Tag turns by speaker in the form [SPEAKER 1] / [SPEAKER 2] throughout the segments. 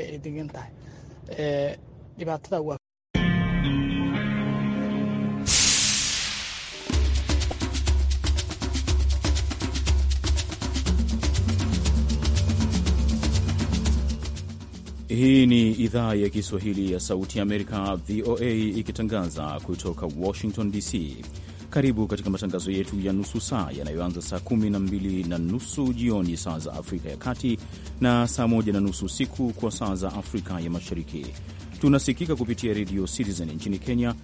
[SPEAKER 1] ay degan tahay eh, dhibaatada waa
[SPEAKER 2] Hii ni idhaa ya Kiswahili ya Sauti ya Amerika, VOA, ikitangaza kutoka Washington DC. Karibu katika matangazo yetu ya nusu saa yanayoanza saa kumi na mbili na nusu jioni saa za Afrika ya Kati na saa moja na nusu usiku kwa saa za Afrika ya Mashariki. Tunasikika kupitia redio Citizen nchini Kenya,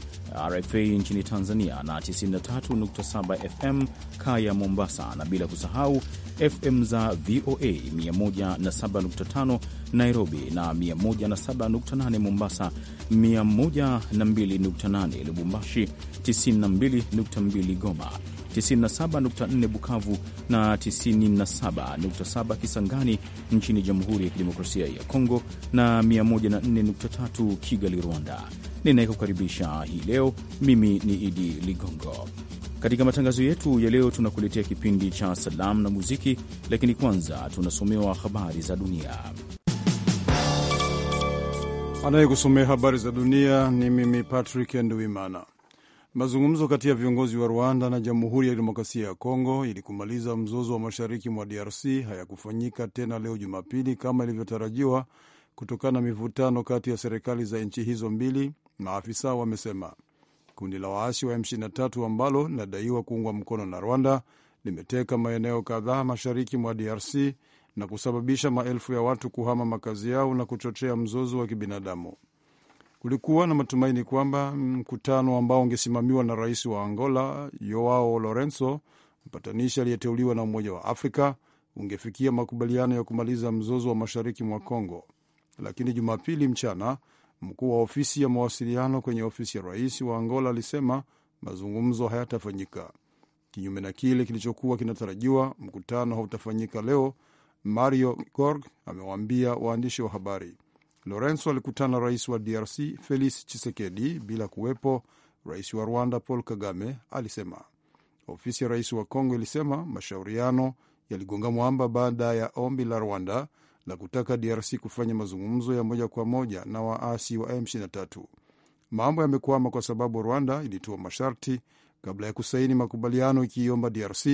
[SPEAKER 2] RFA nchini Tanzania na 93.7 FM Kaya Mombasa, na bila kusahau FM za VOA 107.5 Nairobi na 107.8 Mombasa, 102.8 Lubumbashi, 92.2 Goma 97.4 Bukavu na 97.7 Kisangani nchini Jamhuri ya Kidemokrasia ya Kongo na 104.3 Kigali, Rwanda. Ninayekukaribisha hii leo mimi ni Idi Ligongo. Katika matangazo yetu ya leo tunakuletea kipindi cha salamu
[SPEAKER 3] na muziki, lakini kwanza tunasomewa habari za dunia. Anayekusomea habari za dunia ni mimi Patrick Nduimana. Mazungumzo kati ya viongozi wa Rwanda na Jamhuri ya Kidemokrasia ya Kongo ili kumaliza mzozo wa mashariki mwa DRC hayakufanyika tena leo Jumapili kama ilivyotarajiwa kutokana na mivutano kati ya serikali za nchi hizo mbili, maafisa wamesema. Kundi la waasi wa M23 ambalo linadaiwa kuungwa mkono na Rwanda limeteka maeneo kadhaa mashariki mwa DRC na kusababisha maelfu ya watu kuhama makazi yao na kuchochea mzozo wa kibinadamu. Kulikuwa na matumaini kwamba mkutano ambao ungesimamiwa na rais wa Angola Joao Lorenzo, mpatanishi aliyeteuliwa na Umoja wa Afrika, ungefikia makubaliano ya kumaliza mzozo wa mashariki mwa congo Lakini Jumapili mchana mkuu wa ofisi ya mawasiliano kwenye ofisi ya rais wa Angola alisema mazungumzo hayatafanyika. Kinyume na kile kilichokuwa kinatarajiwa, mkutano hautafanyika leo, Mario Gorg amewaambia waandishi wa habari. Lorenzo alikutana rais wa DRC Felix Tshisekedi bila kuwepo rais wa Rwanda Paul Kagame, alisema. Ofisi ya rais wa Kongo ilisema mashauriano yaligonga mwamba baada ya ombi la Rwanda la kutaka DRC kufanya mazungumzo ya moja kwa moja na waasi wa M23. Mambo yamekwama kwa sababu Rwanda ilitoa masharti kabla ya kusaini makubaliano ikiiomba DRC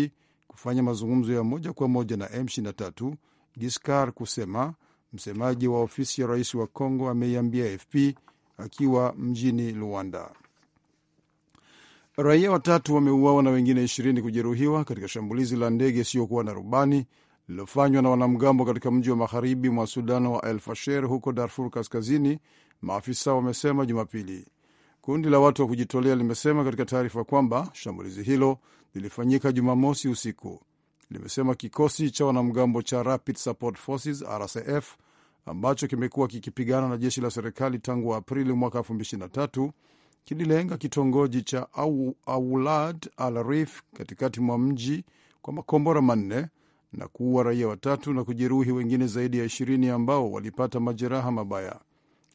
[SPEAKER 3] kufanya mazungumzo ya moja kwa moja na M23, giscar kusema msemaji wa ofisi ya rais wa congo ameiambia AFP akiwa mjini Luanda. Raia watatu wameuawa na wengine ishirini kujeruhiwa katika shambulizi la ndege isiyokuwa na rubani lililofanywa na wanamgambo katika mji wa magharibi mwa Sudan wa El Fasher huko Darfur Kaskazini, maafisa wamesema Jumapili. Kundi la watu wa kujitolea limesema katika taarifa kwamba shambulizi hilo lilifanyika Jumamosi usiku limesema kikosi cha wanamgambo cha Rapid Support Forces RSF ambacho kimekuwa kikipigana na jeshi la serikali tangu Aprili mwaka 2023 kililenga kitongoji cha Aulad al Rif katikati mwa mji kwa makombora manne na kuua raia watatu na kujeruhi wengine zaidi ya 20 ambao walipata majeraha mabaya.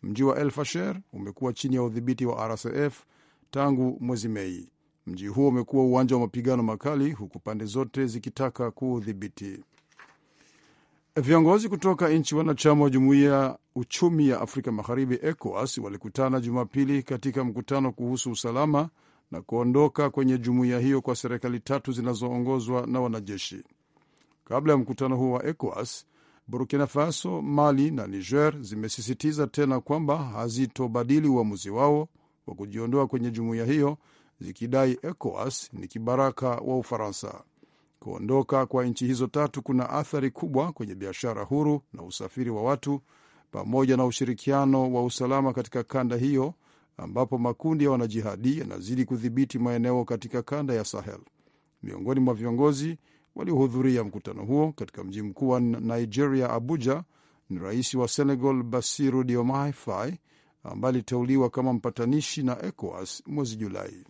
[SPEAKER 3] Mji wa El Fasher umekuwa chini ya udhibiti wa RSF tangu mwezi Mei. Mji huo umekuwa uwanja wa mapigano makali, huku pande zote zikitaka kuudhibiti. Viongozi kutoka nchi wanachama wa jumuiya uchumi ya Afrika Magharibi, ECOWAS, walikutana Jumapili katika mkutano kuhusu usalama na kuondoka kwenye jumuiya hiyo kwa serikali tatu zinazoongozwa na wanajeshi. Kabla ya mkutano huo wa ECOWAS, Burkina Faso, Mali na Niger zimesisitiza tena kwamba hazitobadili uamuzi wao wa kujiondoa kwenye jumuiya hiyo zikidai ECOWAS ni kibaraka wa Ufaransa. Kuondoka kwa nchi hizo tatu kuna athari kubwa kwenye biashara huru na usafiri wa watu pamoja na ushirikiano wa usalama katika kanda hiyo, ambapo makundi ya wanajihadi yanazidi kudhibiti maeneo katika kanda ya Sahel. Miongoni mwa viongozi waliohudhuria mkutano huo katika mji mkuu wa Nigeria, Abuja, ni rais wa Senegal Basiru Diomaye Faye ambaye aliteuliwa kama mpatanishi na ECOWAS mwezi Julai.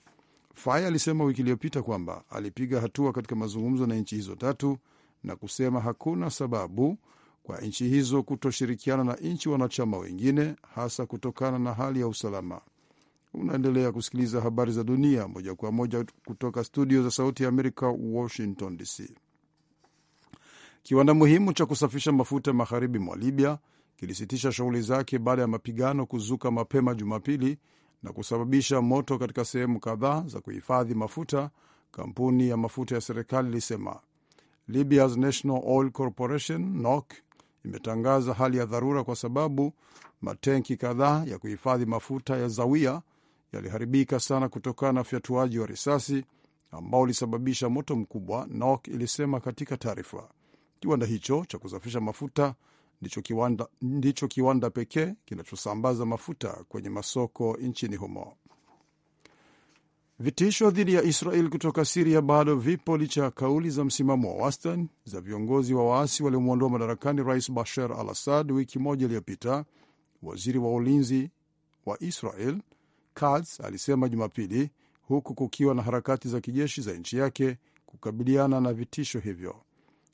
[SPEAKER 3] Faye alisema wiki iliyopita kwamba alipiga hatua katika mazungumzo na nchi hizo tatu na kusema hakuna sababu kwa nchi hizo kutoshirikiana na nchi wanachama wengine hasa kutokana na hali ya usalama. Unaendelea kusikiliza habari za dunia moja kwa moja kutoka studio za Sauti ya Amerika, Washington DC. Kiwanda muhimu cha kusafisha mafuta magharibi mwa Libya kilisitisha shughuli zake baada ya mapigano kuzuka mapema Jumapili na kusababisha moto katika sehemu kadhaa za kuhifadhi mafuta, kampuni ya mafuta ya serikali ilisema. Libya's National Oil Corporation NOC imetangaza hali ya dharura kwa sababu matenki kadhaa ya kuhifadhi mafuta ya Zawia yaliharibika sana kutokana na fyatuaji wa risasi ambao ulisababisha moto mkubwa, NOC ilisema katika taarifa. Kiwanda hicho cha kusafisha mafuta ndicho kiwanda, ndicho kiwanda pekee kinachosambaza mafuta kwenye masoko nchini humo. Vitisho dhidi ya Israel kutoka Siria bado vipo licha ya kauli za msimamo wa wastani za viongozi wa waasi waliomwondoa madarakani Rais Bashar al Assad wiki moja iliyopita. Waziri wa ulinzi wa Israel Katz alisema Jumapili, huku kukiwa na harakati za kijeshi za nchi yake kukabiliana na vitisho hivyo.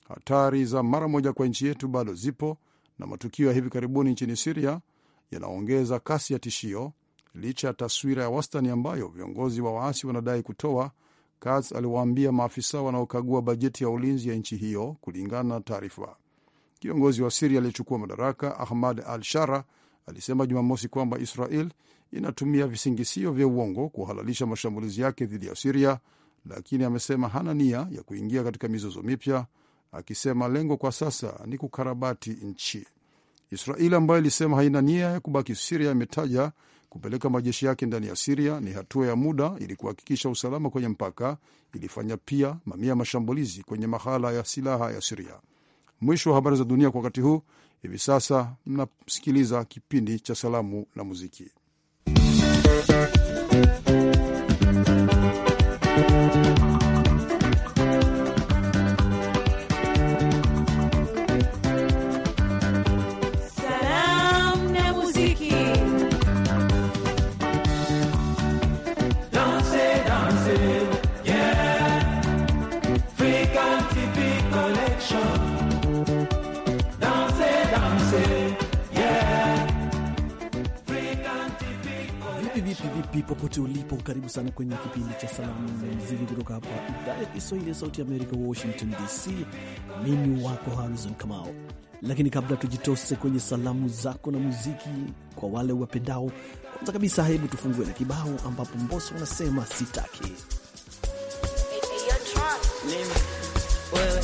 [SPEAKER 3] Hatari za mara moja kwa nchi yetu bado zipo, na matukio ya hivi karibuni nchini Siria yanaongeza kasi ya tishio, licha ya taswira ya wastani ambayo viongozi wa waasi wanadai kutoa. Katz aliwaambia maafisa wanaokagua bajeti ya ulinzi ya nchi hiyo, kulingana na taarifa. Kiongozi wa Siria aliyechukua madaraka Ahmad al Shara alisema Jumamosi kwamba Israel inatumia visingisio vya uongo kuhalalisha mashambulizi yake dhidi ya Siria, lakini amesema hana nia ya kuingia katika mizozo mipya akisema lengo kwa sasa ni kukarabati nchi. Israeli ambayo ilisema haina nia ya kubaki Siria imetaja kupeleka majeshi yake ndani ya Siria ni hatua ya muda ili kuhakikisha usalama kwenye mpaka. Ilifanya pia mamia ya mashambulizi kwenye mahala ya silaha ya Siria. Mwisho wa habari za dunia kwa wakati huu. Hivi sasa mnasikiliza kipindi cha salamu na muziki.
[SPEAKER 1] vipi popote ulipo, karibu sana kwenye kipindi cha salamu na muziki kutoka hapa idhaa ya Kiswahili ya Sauti Amerika, Washington DC. Mimi wako Harrison Kamao, lakini kabla tujitose kwenye salamu zako na muziki kwa wale wapendao, kwanza kabisa, hebu tufungue na kibao ambapo mboso wanasema sitaki
[SPEAKER 4] mimi, wewe,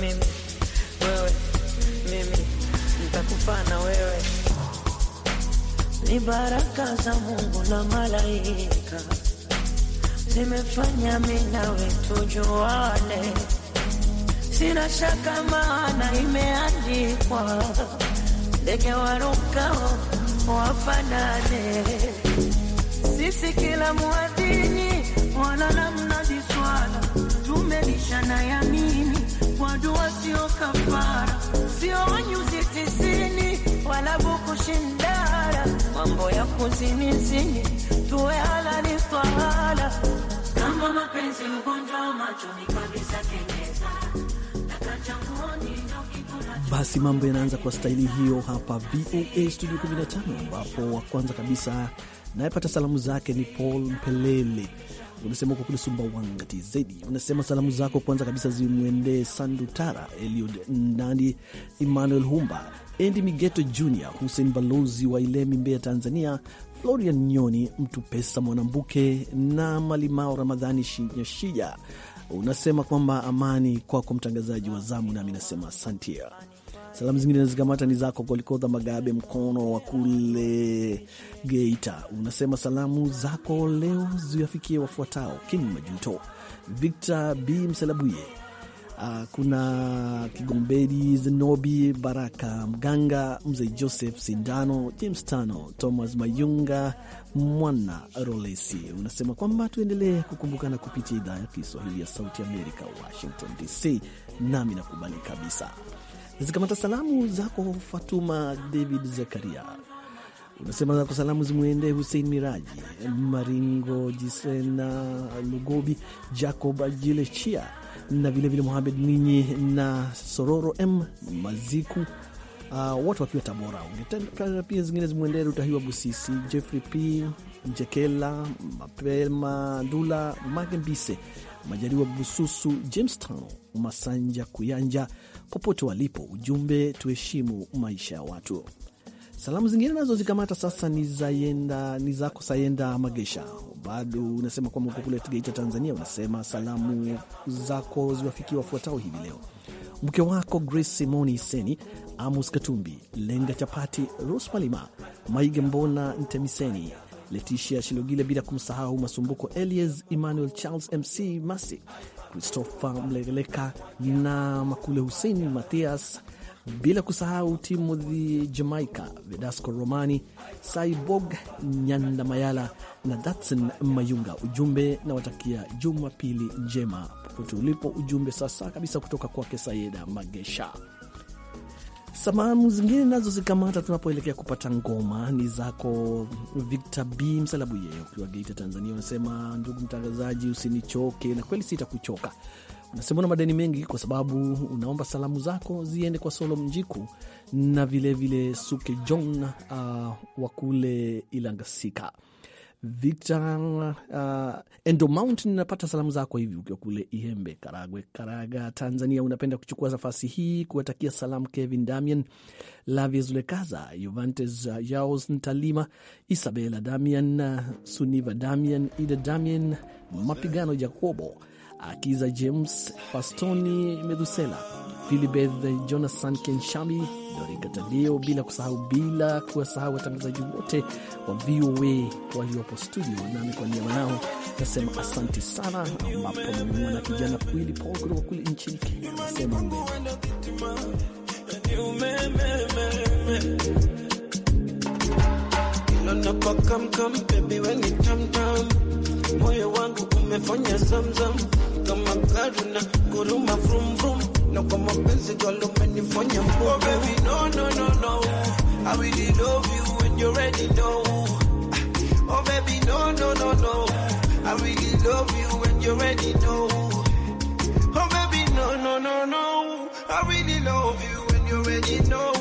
[SPEAKER 4] mimi, ni baraka za Mungu na malaika zimefanya mimi wetu tujuane. Sina shaka maana imeandikwa, ndege warukao wafanane. Sisi kila mwadini wala namna jiswala tumelishana yamini, kwa dua sio kafara, sio nyuzi tisini wala bukushindana mambo ya kuzinizini tuwe ala ni hala. Kama mapenzi ugonjwa macho
[SPEAKER 5] ni kabisa tengeza
[SPEAKER 1] basi mambo yanaanza kwa staili hiyo hapa VOA Studio 15, ambapo wa kwanza kabisa nayepata salamu zake ni Paul Mpelele unasema uko kule Sumbawanga zaidi Unasema salamu zako kwanza kabisa zimwendee Sandutara Eliud Ndani, Emmanuel Humba, Endi Migeto Jr, Hussein Balozi wa Ilemi, Mbeya, Tanzania, Florian Nyoni, Mtu Pesa Mwanambuke na Malimao Ramadhani Shinyashija. Unasema kwamba amani kwako, mtangazaji wa zamu, nami nasema asantia. Salamu zingine nazikamata ni zako Golikodha Magabe mkono wa kule Geita. Unasema salamu zako leo ziwafikie wafuatao: Kim Majuto, Victor B Mselabuye, uh, kuna kigombedi Zenobi, Baraka Mganga, Mzee Joseph Sindano, James Tano, Thomas Mayunga, Mwana Rolesi. Unasema kwamba tuendelee kukumbukana kupitia idhaa ya Kiswahili ya Sauti Amerika, Washington DC. Nami nakubali kabisa zikamata salamu zako Fatuma David Zakaria, unasema zako salamu zimwendee Hussein Miraji Maringo, Jisena Lugobi, Jacob Jilechia na vilevile Mohamed Mwinyi na Sororo M Maziku, uh, watu wakiwa Tabora. Ungetaka pia zingine zimwendee Rutahiwa Busisi, Jeffrey P jekela Mapema Ndula, Magembise Majaliwa Bususu, Jamestown, Masanja Kuyanja popote walipo. Ujumbe, tuheshimu maisha ya watu. Salamu zingine nazo zikamata sasa, ni zayenda ni zako Sayenda Magesha, bado unasema kwamba uko kule Geita, Tanzania. Unasema salamu zako ziwafikie wafuatao hivi leo: mke wako Grace Simoni Iseni, Amos Katumbi, Lenga Chapati, Ros Malima, Maige Mbona Ntemiseni, letishia Shilogile, bila kumsahau Masumbuko Elias, Emmanuel Charles, MC Masi, Christopher Mlegeleka na Makule Hussein Mathias, bila kusahau Timothy Jamaica, Vedasco Romani, Cyborg mayala na datsen Mayunga. Ujumbe na watakia Jumapili njema popote ulipo. Ujumbe sasa kabisa kutoka kwake Sayeda Magesha. Salamu zingine nazo zikamata tunapoelekea kupata ngoma. Ni zako Victor B msalabu yeye ukiwa Geita, Tanzania. Unasema ndugu mtangazaji, usinichoke, na kweli sitakuchoka. Unasema una madeni mengi, kwa sababu unaomba salamu zako ziende kwa Solo Mjiku na vilevile Suke Jon uh, wa kule Ilangasika Victor uh, Endomount, salamu zako hivi ukiwa kule Ihembe, Karagwe, Karaga, Tanzania. Unapenda kuchukua nafasi hii kuwatakia salamu Kevin Damian, Lavia Zulekaza, uh, Yaos Ntalima, Isabela Damian, uh, Suniva Damian, Ida Damian, Mapigano Jacobo, Akiza James, Fastoni Medusela Filibeth Jonathan Kenshami, Dorika Tadeo, bila kusahau bila kuwasahau watangazaji wote wa VOA waliopo studio nami, kwa niaba yao nasema asante sana, ambapo nimemwona kijana Kwili Paul kutoka kule nchini Kenya anasema
[SPEAKER 4] moyo wangu umefanya zamzam kama karuna kuruma vrumvrum vrum. No kama penzi girl, umenifanya mbovu. Oh baby, no, no, no, no. I really love you when you already know. Oh baby, no, no, no, no. I really love you when you already know. Oh baby, no, no, no, no. I really love you when you already know.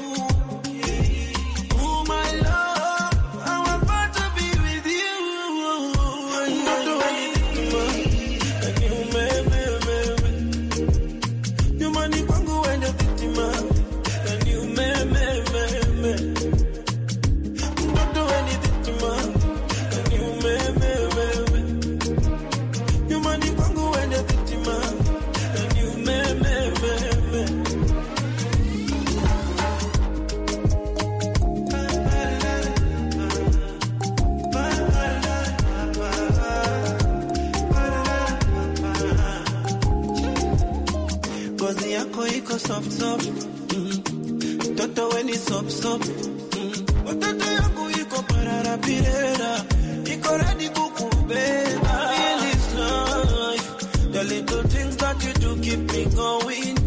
[SPEAKER 4] little things that you do keep me going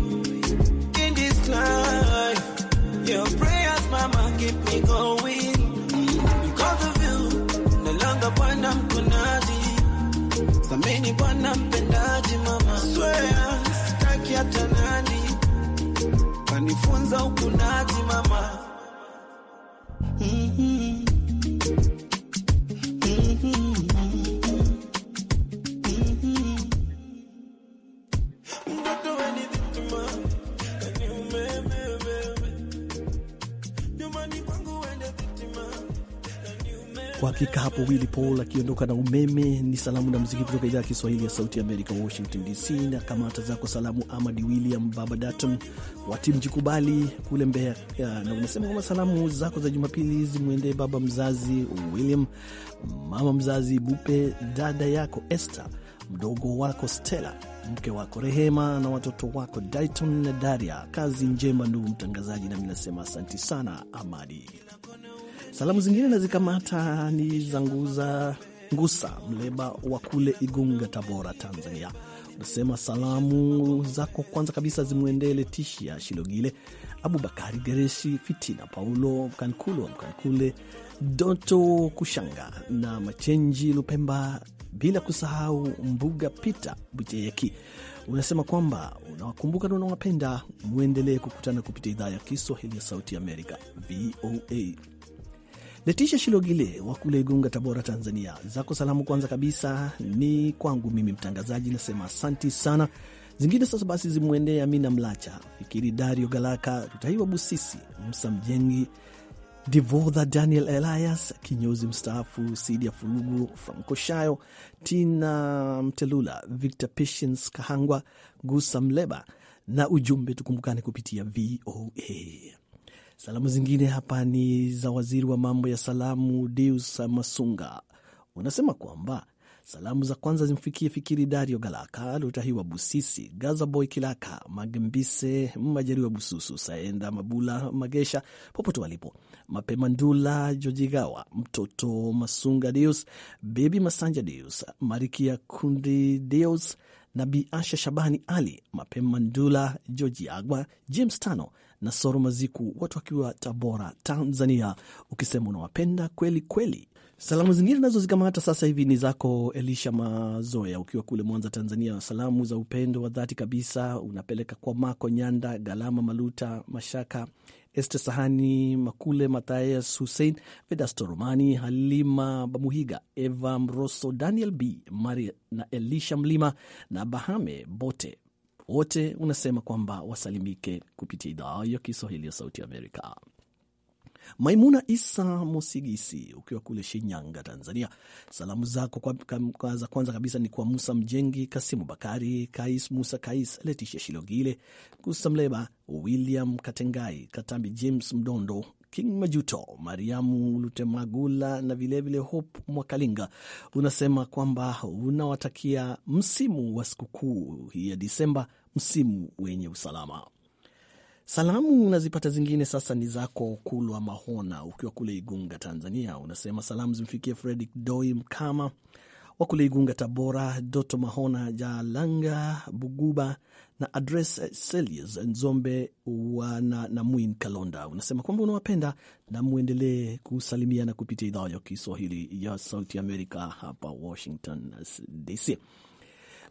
[SPEAKER 4] in this life. Your prayers, mama, keep me going. Because of you, no longer bwana mkunaji. Samini bwana mpendaji, mama, swear sitaki hata nani kanifunza ukunaji, mama
[SPEAKER 1] hapo Willy Paul akiondoka na umeme. Ni salamu na mziki kutoka idhaa ya Kiswahili ya Sauti ya Amerika, Washington DC. Na kamata zako salamu, Amadi William Baba Daton wa timu Jikubali kule Mbeya, na unasema kwamba salamu zako za Jumapili zimwendee baba mzazi William, mama mzazi Bupe, dada yako Esther, mdogo wako Stella, mke wako Rehema na watoto wako Dayton na Daria. Kazi njema, ndugu mtangazaji, nami nasema asanti sana Amadi. Salamu zingine nazikamata ni zanguza Ngusa Mleba wa kule Igunga, Tabora, Tanzania. Unasema salamu zako kwanza kabisa zimwendee Letishia Shilogile, Abubakari gereshi Fitina Paulo Mkankulu wa Mkankule, Doto Kushanga na Machenji Lupemba, bila kusahau Mbuga Pita Buteyeki. Unasema kwamba unawakumbuka na unawapenda, mwendelee kukutana kupitia idhaa ya Kiswahili ya Sauti Amerika, VOA. Letisha Shilogile wa kule Igunga, Tabora, Tanzania, zako salamu. Kwanza kabisa ni kwangu mimi mtangazaji, nasema asanti sana. Zingine sasa basi zimwendee Amina Mlacha, Fikiri Dario, Galaka Rutaiwa, Busisi Msa Mjengi, Divodha Daniel Elias kinyozi mstaafu, Sidia Furugu, Franco Shayo, Tina Mtelula, Victor Patience Kahangwa, Gusa Mleba na ujumbe tukumbukane kupitia VOA. Salamu zingine hapa ni za waziri wa mambo ya salamu Deus Masunga, unasema kwamba salamu za kwanza zimfikie Fikiri Dario Galaka, Lutahiwa Busisi, Gazaboy Kilaka, Magembise Majariwa, Bususu Saenda, Mabula Magesha, popote walipo, Mapema Ndula, Jojigawa, Mtoto Masunga Deus, Bebi Masanja Deus, Marikia Kundi Deus na Bi Asha Shabani Ali, Mapema Ndula, Jojiagwa, Agwa, James Tano na Soro Maziku, watu wakiwa Tabora, Tanzania, ukisema unawapenda kweli kweli. Salamu zingine nazozikamata sasa hivi ni zako Elisha Mazoya, ukiwa kule Mwanza, Tanzania. Salamu za upendo wa dhati kabisa unapeleka kwa Mako Nyanda, Galama Maluta, Mashaka Este Sahani, Makule mathayas Hussein Vedasto, Romani Halima Bamuhiga, Eva Mroso, Daniel B Mari na Elisha Mlima na Bahame bote wote unasema kwamba wasalimike kupitia idhaa ya Kiswahili ya Sauti Amerika. Maimuna Isa mosigisi ukiwa kule Shinyanga, Tanzania, salamu zako kwa, kwa, za kwanza kabisa ni kwa Musa Mjengi, Kasimu Bakari, Kais Musa Kais, Letisha Shilogile, Kusamleba William Katengai, Katambi James Mdondo, King Majuto, Mariamu Lutemagula na vilevile Hope Mwakalinga. Unasema kwamba unawatakia msimu wa sikukuu hii ya Disemba msimu wenye usalama. Salamu nazipata zingine sasa ni zako Kulwa Mahona ukiwa kule Igunga, Tanzania. Unasema salamu zimfikie Fredrick Doi Mkama wa kule Igunga, Tabora, Doto Mahona Jalanga Buguba na Adres Selius Nzombe wana Namwin Kalonda. Unasema kwamba unawapenda na mwendelee kusalimiana kupitia idhaa ya Kiswahili ya Sauti Amerika hapa Washington DC.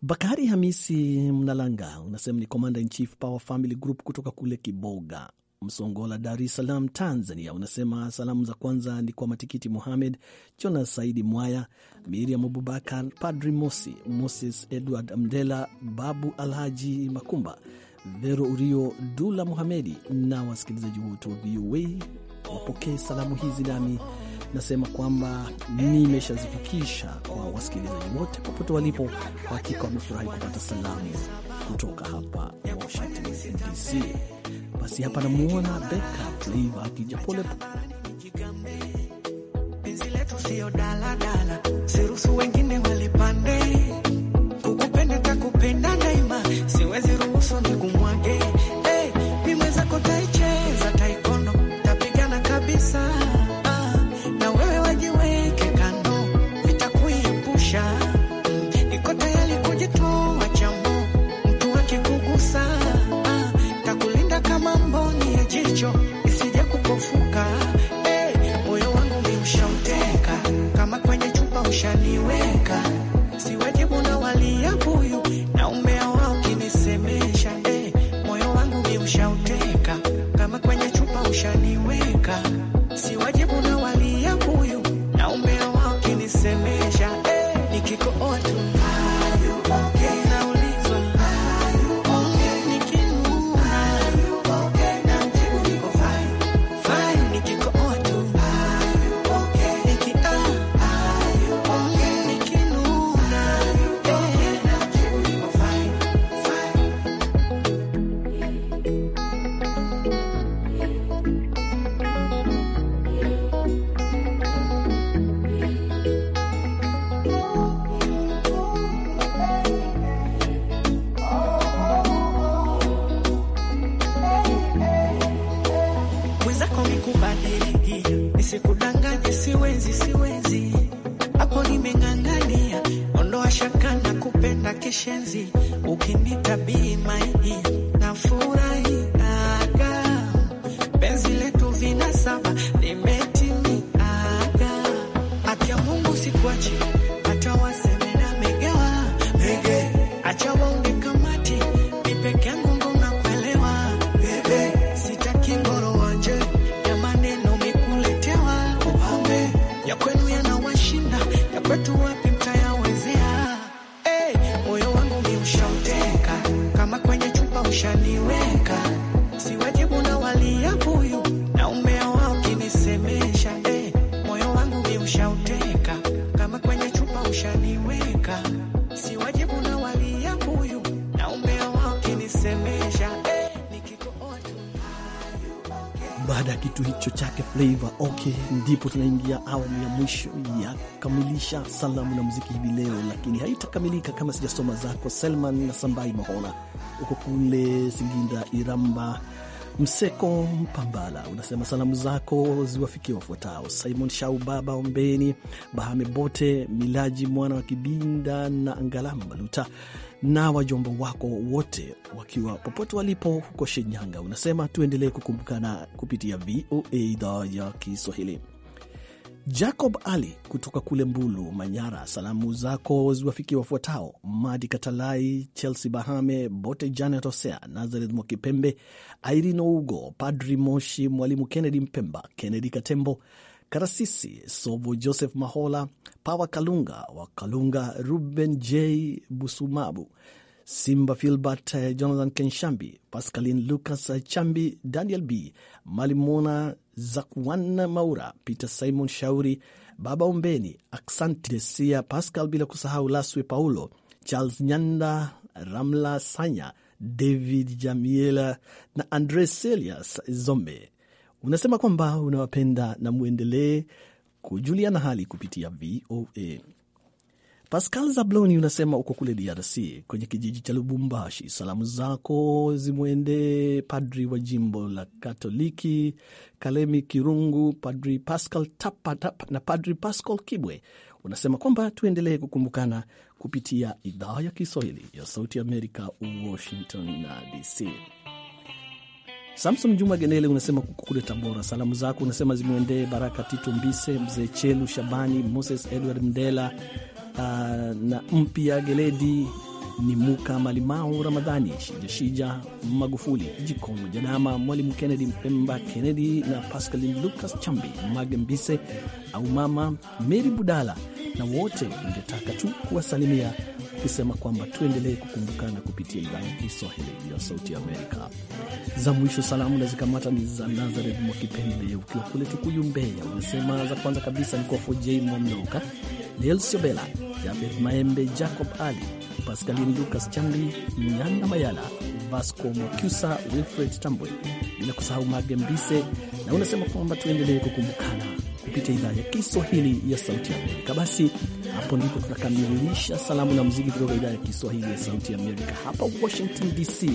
[SPEAKER 1] Bakari Hamisi Mnalanga unasema ni commander in chief Power Family Group kutoka kule Kiboga Msongola, Dar es Salaam, Tanzania. Unasema salamu za kwanza ni kwa Matikiti Muhamed, Jonas Saidi Mwaya, Miriam Abubakar, Padri Mosi, Moses Edward Mdela, Babu Alhaji Makumba, Vero Urio, Dula Muhamedi na wasikilizaji wote wa VOA. Wapokee salamu hizi nami nasema kwamba nimeshazifikisha kwa wasikilizaji wote popote walipo. Hakika wamefurahi kupata salamu kutoka hapa Washington DC. Basi hapa namuona Beka tuiva
[SPEAKER 5] akija pole pole
[SPEAKER 1] ndipo tunaingia awamu ya mwisho ya kukamilisha salamu na muziki hivi leo, lakini haitakamilika kama sijasoma zako Selman na Sambai Mahona uko kule Singinda, Iramba, Mseko, Mpambala. Unasema salamu zako ziwafikie wafuatao: Simon Shau, Baba Ombeni Bahame, Bote Milaji, mwana wa Kibinda na Angalama Maluta na wajomba wako wote wakiwa popote walipo huko Shinyanga. Unasema tuendelee kukumbukana kupitia VOA idhaa ya Kiswahili. Jacob Ali kutoka kule Mbulu, Manyara, salamu zako ziwafikie wafuatao: Madi Katalai, Chelsea Bahame, Bote Janet Osea, Nazareth Mwakipembe, Airino Ugo, Padri Moshi, Mwalimu Kennedy Mpemba, Kennedy Katembo, Karasisi Sovo, Joseph Mahola, Pawa Kalunga wa Kalunga, Ruben J Busumabu, Simba Filbert, Jonathan Kenshambi, Pascaline Lucas Chambi, Daniel B Malimona, Zakuana Maura, Peter Simon Shauri, Baba Ombeni, Aksanti Desia Pascal, bila kusahau Laswe Paulo, Charles Nyanda, Ramla Sanya, David Jamiela na Andre Selias Zombe. Unasema kwamba unawapenda na mwendelee kujuliana hali kupitia VOA. Pascal Zabloni unasema uko kule DRC kwenye kijiji cha Lubumbashi. Salamu zako zimwendee padri wa jimbo la Katoliki Kalemi Kirungu, padri Pascal Tapa, na padri Pascal Kibwe. Unasema kwamba tuendelee kukumbukana kupitia idhaa ya Kiswahili ya Sauti Amerika, Washington na DC. Samson Juma Genele unasema kuko kule Tabora. Salamu zako unasema zimwendee Baraka Tito Mbise, Mzee Chelu Shabani, Moses Edward Mdela uh, na mpya Geledi ni Muka Malimau, Ramadhani Shijashija, Magufuli Jikomo, Janama, Mwalimu Kennedy Mpemba Kennedy na Pascalin Lucas Chambi, Magembise au Mama Meri Budala, na wote ungetaka tu kuwasalimia ukisema kwamba tuendelee kukumbukana kupitia idhaa ya Kiswahili ya Sauti Amerika. Za mwisho salamu na zikamata ni za Nazareth Mwakipembe ukiwa kule Tukuyu, Mbeya. Unasema za kwanza kabisa ni kwa Fojei Mwamnoka Nels Obela, Maembe, Jacob Ali, Pascalin Lucas Chamli, Nyanda Mayala, Vasco Mokusa, Wilfred Tambwe, bila kusahau Mage Mbise, na unasema kwamba tuendelee kukumbukana kupitia idhaa ya Kiswahili ya Sauti ya Amerika. Basi hapo ndipo tunakamilisha salamu na muziki kutoka idhaa ya Kiswahili ya Sauti ya Amerika hapa Washington DC,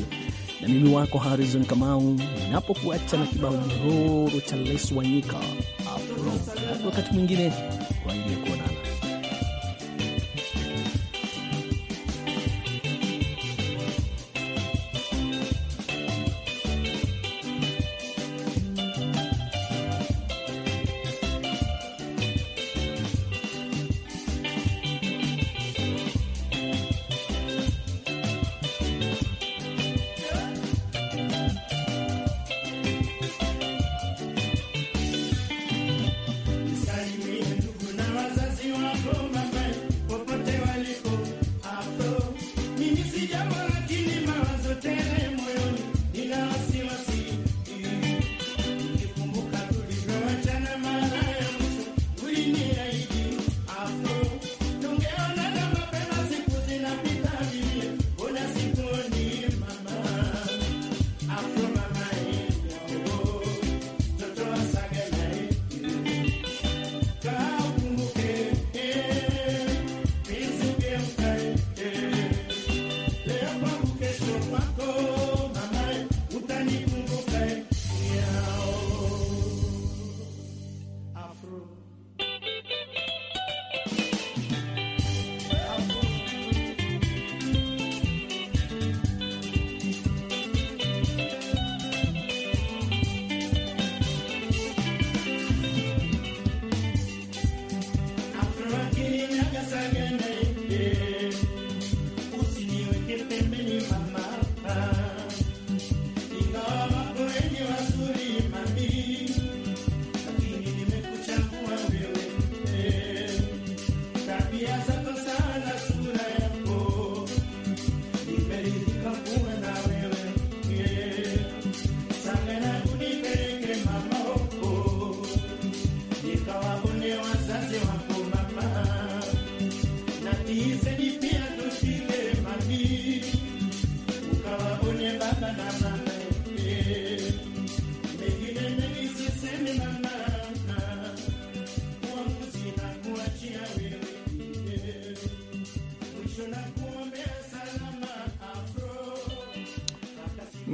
[SPEAKER 1] na mimi wako Harrison Kamau ninapokuacha na kibao jororo cha Les Wanyika
[SPEAKER 4] Afro. Wakati mwingine
[SPEAKER 1] kwa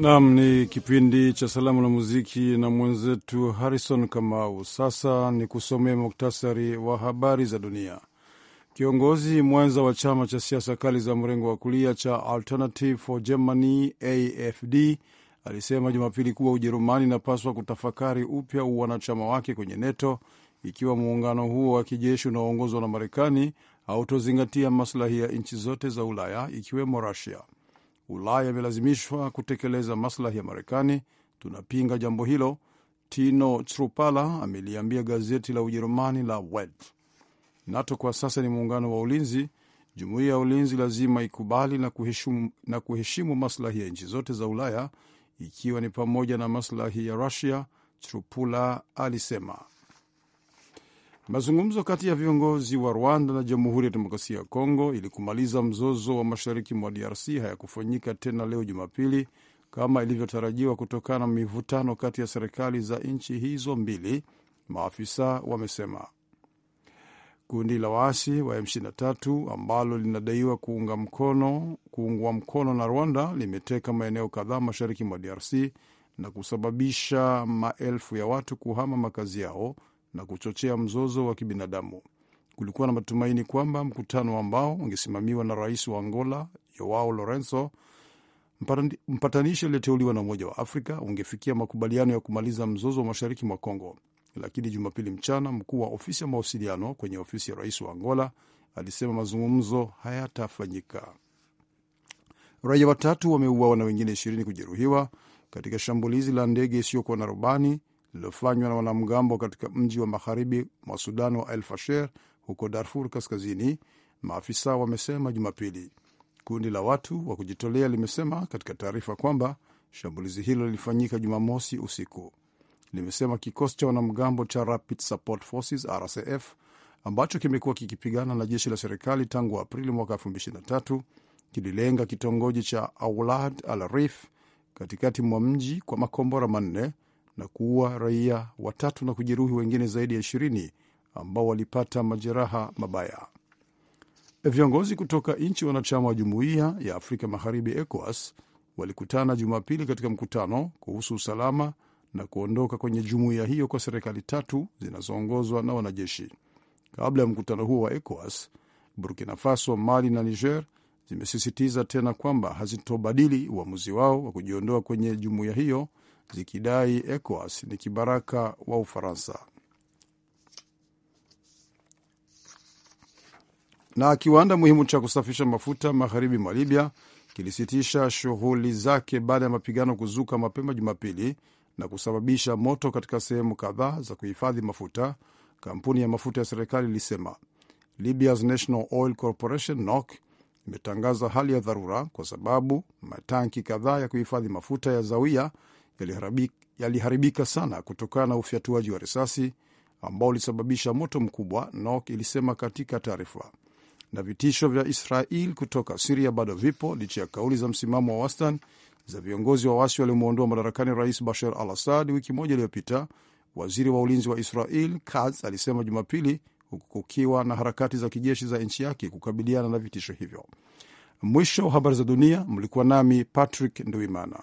[SPEAKER 3] Nam ni kipindi cha salamu na muziki na mwenzetu Harrison Kamau. Sasa ni kusomea muktasari wa habari za dunia. Kiongozi mwenza wa chama cha siasa kali za mrengo wa kulia cha Alternative for Germany AFD alisema Jumapili kuwa Ujerumani inapaswa kutafakari upya uwanachama wake kwenye NATO ikiwa muungano huo wa kijeshi unaoongozwa na Marekani hautozingatia maslahi ya nchi zote za Ulaya ikiwemo Rusia. Ulaya imelazimishwa kutekeleza maslahi ya Marekani. Tunapinga jambo hilo, Tino Trupala ameliambia gazeti la Ujerumani la Welt. NATO kwa sasa ni muungano wa ulinzi. Jumuiya ya ulinzi lazima ikubali na kuheshimu, na kuheshimu maslahi ya nchi zote za Ulaya, ikiwa ni pamoja na maslahi ya Rusia, Trupula alisema. Mazungumzo kati ya viongozi wa Rwanda na Jamhuri ya Demokrasia ya Kongo ili kumaliza mzozo wa mashariki mwa DRC hayakufanyika tena leo Jumapili kama ilivyotarajiwa kutokana na mivutano kati ya serikali za nchi hizo mbili, maafisa wamesema. Kundi la waasi wa M23 ambalo linadaiwa kuunga mkono, kuungwa mkono na Rwanda limeteka maeneo kadhaa mashariki mwa DRC na kusababisha maelfu ya watu kuhama makazi yao na kuchochea mzozo wa kibinadamu. Kulikuwa na matumaini kwamba mkutano ambao ungesimamiwa na rais wa Angola Joao Lorenzo, mpatanishi aliyeteuliwa na Umoja wa Afrika, ungefikia makubaliano ya kumaliza mzozo wa mashariki mwa Kongo, lakini Jumapili mchana mkuu wa ofisi ya mawasiliano kwenye ofisi ya rais wa Angola alisema mazungumzo hayatafanyika. Raia watatu wameuawa na wengine ishirini kujeruhiwa katika shambulizi la ndege isiyokuwa na rubani lililofanywa na wanamgambo katika mji wa magharibi mwa Sudan wa El Fasher huko Darfur Kaskazini, maafisa wamesema Jumapili. Kundi la watu wa kujitolea limesema katika taarifa kwamba shambulizi hilo lilifanyika Jumamosi usiku. Limesema kikosi cha wanamgambo cha Rapid Support Forces RSF ambacho kimekuwa kikipigana na jeshi la serikali tangu Aprili mwaka 2023 kililenga kitongoji cha Aulad al Rif katikati mwa mji kwa makombora manne na kuua raia watatu na kujeruhi wengine zaidi ya ishirini ambao walipata majeraha mabaya. Viongozi kutoka nchi wanachama wa jumuiya ya Afrika Magharibi, ECOWAS, walikutana Jumapili katika mkutano kuhusu usalama na kuondoka kwenye jumuiya hiyo kwa serikali tatu zinazoongozwa na wanajeshi. Kabla ya mkutano huo wa ECOWAS, Burkina Faso, Mali na Niger zimesisitiza tena kwamba hazitobadili uamuzi wao wa kujiondoa kwenye jumuiya hiyo zikidai ECOWAS ni kibaraka wa Ufaransa. Na kiwanda muhimu cha kusafisha mafuta magharibi mwa Libya kilisitisha shughuli zake baada ya mapigano kuzuka mapema Jumapili na kusababisha moto katika sehemu kadhaa za kuhifadhi mafuta, kampuni ya mafuta ya serikali ilisema. Libya's National Oil Corporation NOC imetangaza hali ya dharura kwa sababu matanki kadhaa ya kuhifadhi mafuta ya zawia yaliharibika sana kutokana na ufyatuaji wa risasi ambao ulisababisha moto mkubwa, NOK ilisema katika taarifa. Na vitisho vya Israel kutoka Siria bado vipo licha ya kauli za msimamo wa wastan za viongozi wa waasi waliomwondoa madarakani Rais Bashar al Assad wiki moja iliyopita, waziri wa ulinzi wa Israel Katz alisema Jumapili, huku kukiwa na harakati za kijeshi za nchi yake kukabiliana na vitisho hivyo. Mwisho wa habari za dunia. Mlikuwa nami Patrick Nduimana.